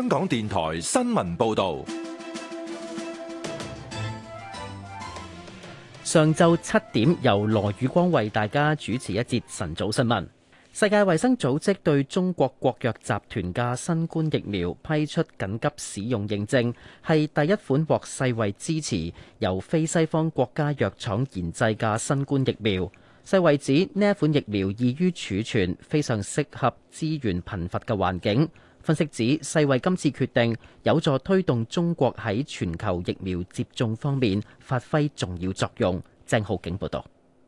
香港電台新聞報道，上晝七點由羅宇光為大家主持一節晨早新聞。世界衛生組織對中國國藥集團嘅新冠疫苗批出緊急使用認證，係第一款獲世衛支持由非西方國家藥廠研製嘅新冠疫苗。世衛指，呢一款疫苗易於儲存，非常適合資源貧乏嘅環境。分析指，世衛今次決定有助推動中國喺全球疫苗接種方面發揮重要作用。鄭浩景報道。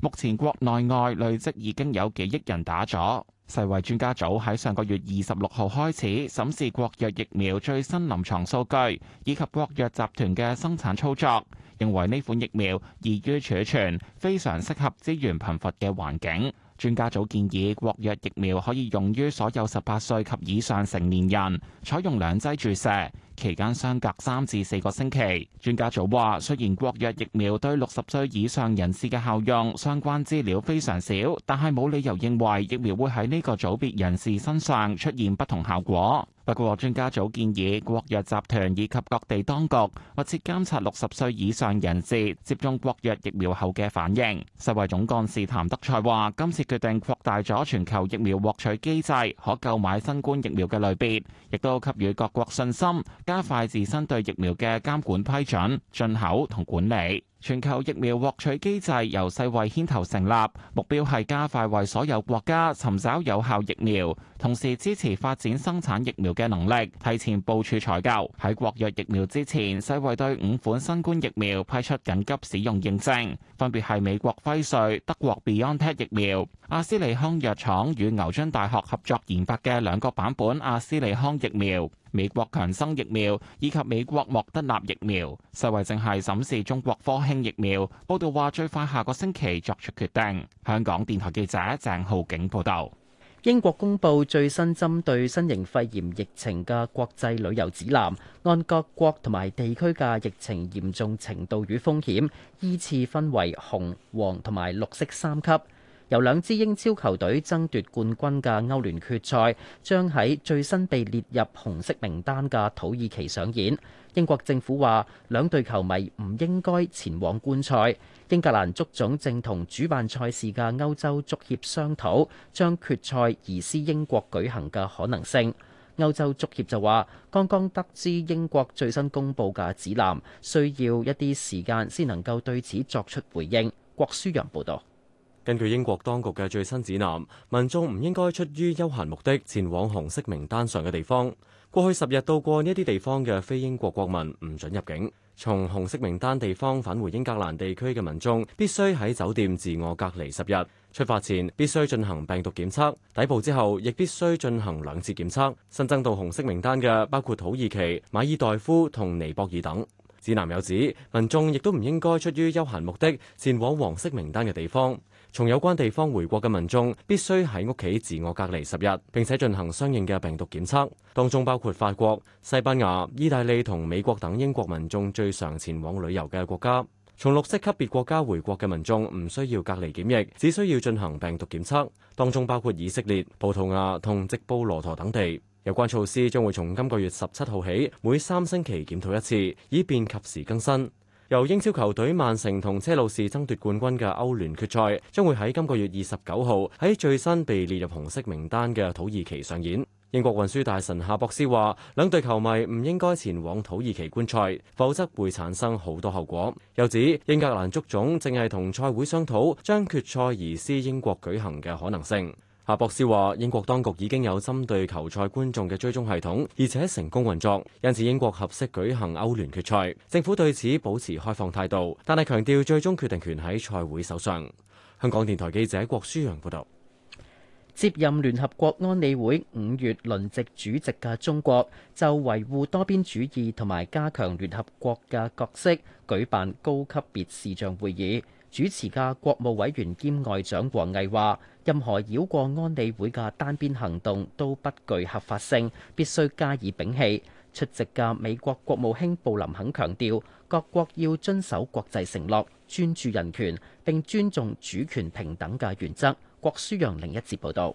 目前國內外累積已經有幾億人打咗。世衛專家組喺上個月二十六號開始審視國藥疫苗最新臨床數據，以及國藥集團嘅生產操作，認為呢款疫苗易於儲存，非常適合資源貧乏嘅環境。專家組建議，國藥疫苗可以用於所有十八歲及以上成年人，採用兩劑注射。期間相隔三至四個星期。專家組話雖然國藥疫苗對六十歲以上人士嘅效用相關資料非常少，但係冇理由認為疫苗會喺呢個組別人士身上出現不同效果。不過專家組建議國藥集團以及各地當局密切監察六十歲以上人士接種國藥疫苗後嘅反應，世衛總幹事譚德塞話今次決定擴大咗全球疫苗獲取機制，可購買新冠疫苗嘅類別亦都給予各國信心。加快自身對疫苗嘅監管、批准、進口同管理。全球疫苗獲取機制由世衛牽頭成立，目標係加快為所有國家尋找有效疫苗，同時支持發展生產疫苗嘅能力，提前部署採購。喺國藥疫苗之前，世衛對五款新冠疫苗批出緊急使用認證，分別係美國輝瑞、德國 BioNTech 疫苗、阿斯利康藥廠與牛津大學合作研發嘅兩個版本阿斯利康疫苗、美國強生疫苗以及美國莫德納疫苗。世衛正係審視中國科興。疫苗報道話最快下個星期作出決定。香港電台記者鄭浩景報道，英國公布最新針對新型肺炎疫情嘅國際旅遊指南，按各國同埋地區嘅疫情嚴重程度與風險，依次分為紅、黃同埋綠色三級。由兩支英超球隊爭奪冠軍嘅歐聯決賽將喺最新被列入紅色名單嘅土耳其上演。英國政府話兩隊球迷唔應該前往觀賽。英格蘭足總正同主辦賽事嘅歐洲足協商討，將決賽移師英國舉行嘅可能性。歐洲足協就話剛剛得知英國最新公布嘅指南，需要一啲時間先能夠對此作出回應。郭書揚報導。根據英國當局嘅最新指南，民眾唔應該出於休閒目的前往紅色名單上嘅地方。過去十日到過呢啲地方嘅非英國國民唔准入境。從紅色名單地方返回英格蘭地區嘅民眾必須喺酒店自我隔離十日，出發前必須進行病毒檢測，抵埗之後亦必須進行兩次檢測。新增到紅色名單嘅包括土耳其、馬爾代夫同尼泊爾等。指南又指，民眾亦都唔應該出於休閒目的前往黃色名單嘅地方。從有關地方回國嘅民眾必須喺屋企自我隔離十日，並且進行相應嘅病毒檢測。當中包括法國、西班牙、意大利同美國等英國民眾最常前往旅遊嘅國家。從綠色級別國家回國嘅民眾唔需要隔離檢疫，只需要進行病毒檢測。當中包括以色列、葡萄牙同直布羅陀等地。有關措施將會從今個月十七號起，每三星期檢討一次，以便及時更新。由英超球隊曼城同車路士爭奪冠軍嘅歐聯決賽將會喺今個月二十九號喺最新被列入紅色名單嘅土耳其上演。英國運輸大臣夏博斯話，兩隊球迷唔應該前往土耳其觀賽，否則會產生好多後果。又指英格蘭足總正係同賽會商討將決賽移師英國舉行嘅可能性。夏博斯話：英國當局已經有針對球賽觀眾嘅追蹤系統，而且成功運作，因此英國合適舉行歐聯決賽。政府對此保持開放態度，但係強調最終決定權喺賽會手上。香港電台記者郭舒揚報道，接任聯合國安理會五月輪值主席嘅中國，就維護多邊主義同埋加強聯合國嘅角色，舉辦高級別視像會議。主持嘅國務委員兼外長王毅話：任何繞過安理會嘅單邊行動都不具合法性，必須加以摒棄。出席嘅美國國務卿布林肯強調，各國要遵守國際承諾，專注人權，並尊重主權平等嘅原則。郭書陽另一節報導。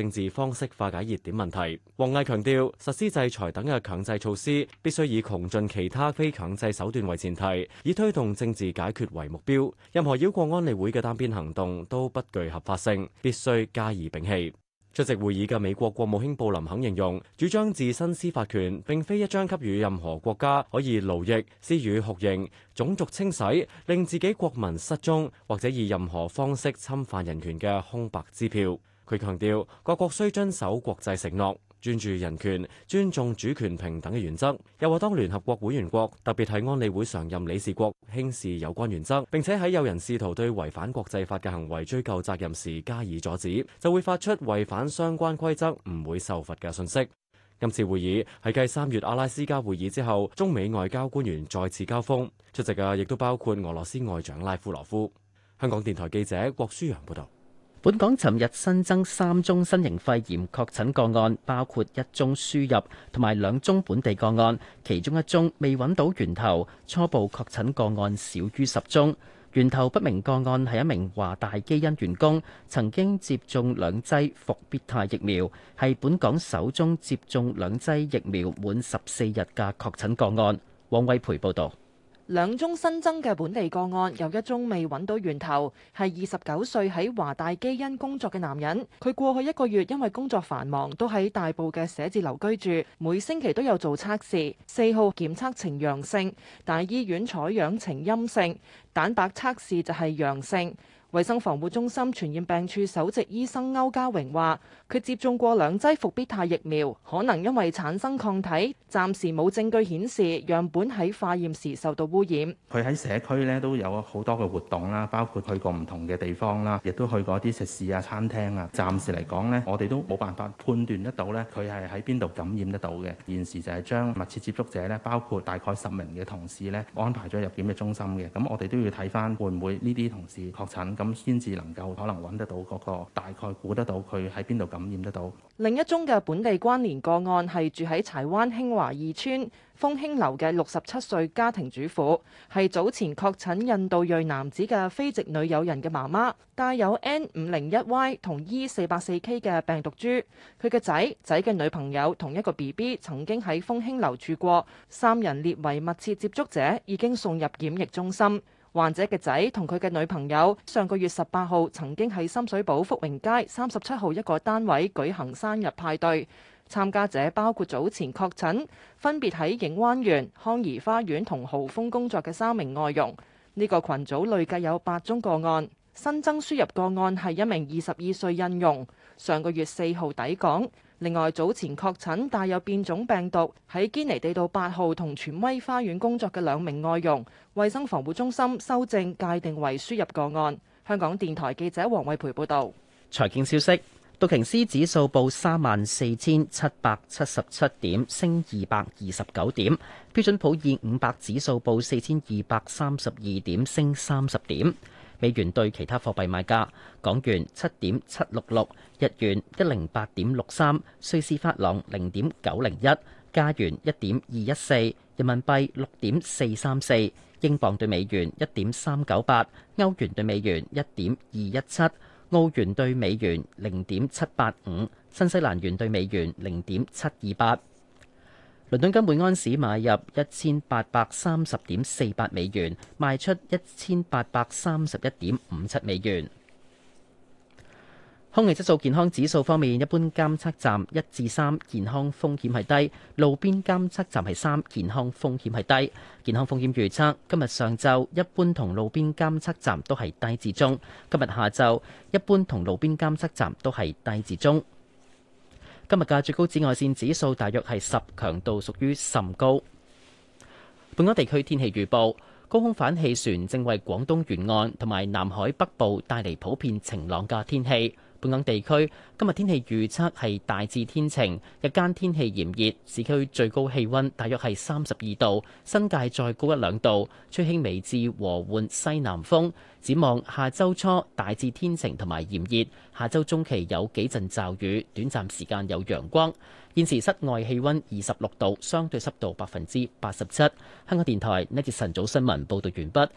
政治方式化解熱點問題，王毅強調實施制裁等嘅強制措施必須以窮盡其他非強制手段為前提，以推動政治解決為目標，任何繞過安理會嘅單邊行動都不具合法性，必須加以摒棄。出席會議嘅美國國務卿布林肯形容，主張自身司法權並非一張給予任何國家可以奴役、施予酷刑、種族清洗、令自己國民失蹤或者以任何方式侵犯人權嘅空白支票。佢強調，各國需遵守國際承諾，專注人權、尊重主權平等嘅原則。又話，當聯合國會員國，特別係安理會常任理事國，輕視有關原則，並且喺有人試圖對違反國際法嘅行為追究責任時加以阻止，就會發出違反相關規則、唔會受罰嘅訊息。今次會議係繼三月阿拉斯加會議之後，中美外交官員再次交鋒，出席嘅亦都包括俄羅斯外長拉夫羅夫。香港電台記者郭舒揚報道。本港尋日新增三宗新型肺炎確診個案，包括一宗輸入同埋兩宗本地個案，其中一宗未揾到源頭，初步確診個案少於十宗。源頭不明個案係一名華大基因員工，曾經接種兩劑復必泰疫苗，係本港首宗接種兩劑疫苗滿十四日嘅確診個案。王威培報導。兩宗新增嘅本地個案，有一宗未揾到源頭，係二十九歲喺華大基因工作嘅男人。佢過去一個月因為工作繁忙，都喺大埔嘅寫字樓居住，每星期都有做測試。四號檢測呈陽性，大醫院採樣呈陰性，蛋白測試就係陽性。衛生防護中心傳染病處首席醫生歐家榮話，佢接種過兩劑伏必泰疫苗，可能因為產生抗體，暫時冇證據顯示樣本喺化驗時受到污染。佢喺社區呢都有好多嘅活動啦，包括去過唔同嘅地方啦，亦都去過啲食肆啊、餐廳啊。暫時嚟講呢，我哋都冇辦法判斷得到呢，佢係喺邊度感染得到嘅。現時就係將密切接觸者呢，包括大概十名嘅同事呢，安排咗入檢疫中心嘅。咁我哋都要睇翻會唔會呢啲同事確診。咁先至能夠可能揾得到嗰、嗰個大概估得到佢喺邊度感染得到。另一宗嘅本地關聯個案係住喺柴灣興華二邨豐興樓嘅六十七歲家庭主婦，係早前確診印度裔男子嘅非籍女友人嘅媽媽，帶有 N 五零一 Y 同 E 四百四 K 嘅病毒株。佢嘅仔、仔嘅女朋友同一個 BB 曾經喺豐興樓住過，三人列為密切接觸者，已經送入檢疫中心。患者嘅仔同佢嘅女朋友上個月十八號曾經喺深水埗福榮街三十七號一個單位舉行生日派對，參加者包括早前確診，分別喺影灣園康怡花園同豪峰工作嘅三名外傭。呢個群組累計有八宗個案，新增輸入個案係一名二十二歲印傭，上個月四號抵港。另外，早前確診帶有變種病毒喺堅尼地道八號同荃威花園工作嘅兩名外傭，衛生防護中心修正界定為輸入個案。香港電台記者黃惠培報導。財經消息，道瓊斯指數報三萬四千七百七十七點，升二百二十九點；標準普爾五百指數報四千二百三十二點，升三十點。美元兌其他貨幣買價：港元七點七六六，日元一零八點六三，瑞士法郎零點九零一，加元一點二一四，人民幣六點四三四，英鎊對美元一點三九八，歐元對美元一點二一七，澳元對美元零點七八五，新西蘭元對美元零點七二八。倫敦金每盎司買入一千八百三十點四八美元，賣出一千八百三十一點五七美元。空氣質素健康指數方面，一般監測站一至三，健康風險係低；路邊監測站係三，健康風險係低。健康風險預測：今日上晝一般同路邊監測站都係低至中；今日下晝一般同路邊監測站都係低至中。今日嘅最高紫外線指數大約係十，強度屬於甚高。本港地區天氣預報，高空反氣旋正為廣東沿岸同埋南海北部帶嚟普遍晴朗嘅天氣。本港地區今日天氣預測係大致天晴，日間天氣炎熱，市區最高氣温大約係三十二度，新界再高一兩度，吹輕微至和緩西南風。展望下周初大致天晴同埋炎熱，下周中期有幾陣驟雨，短暫時間有陽光。現時室外氣温二十六度，相對濕度百分之八十七。香港電台呢節晨早新聞報道完畢。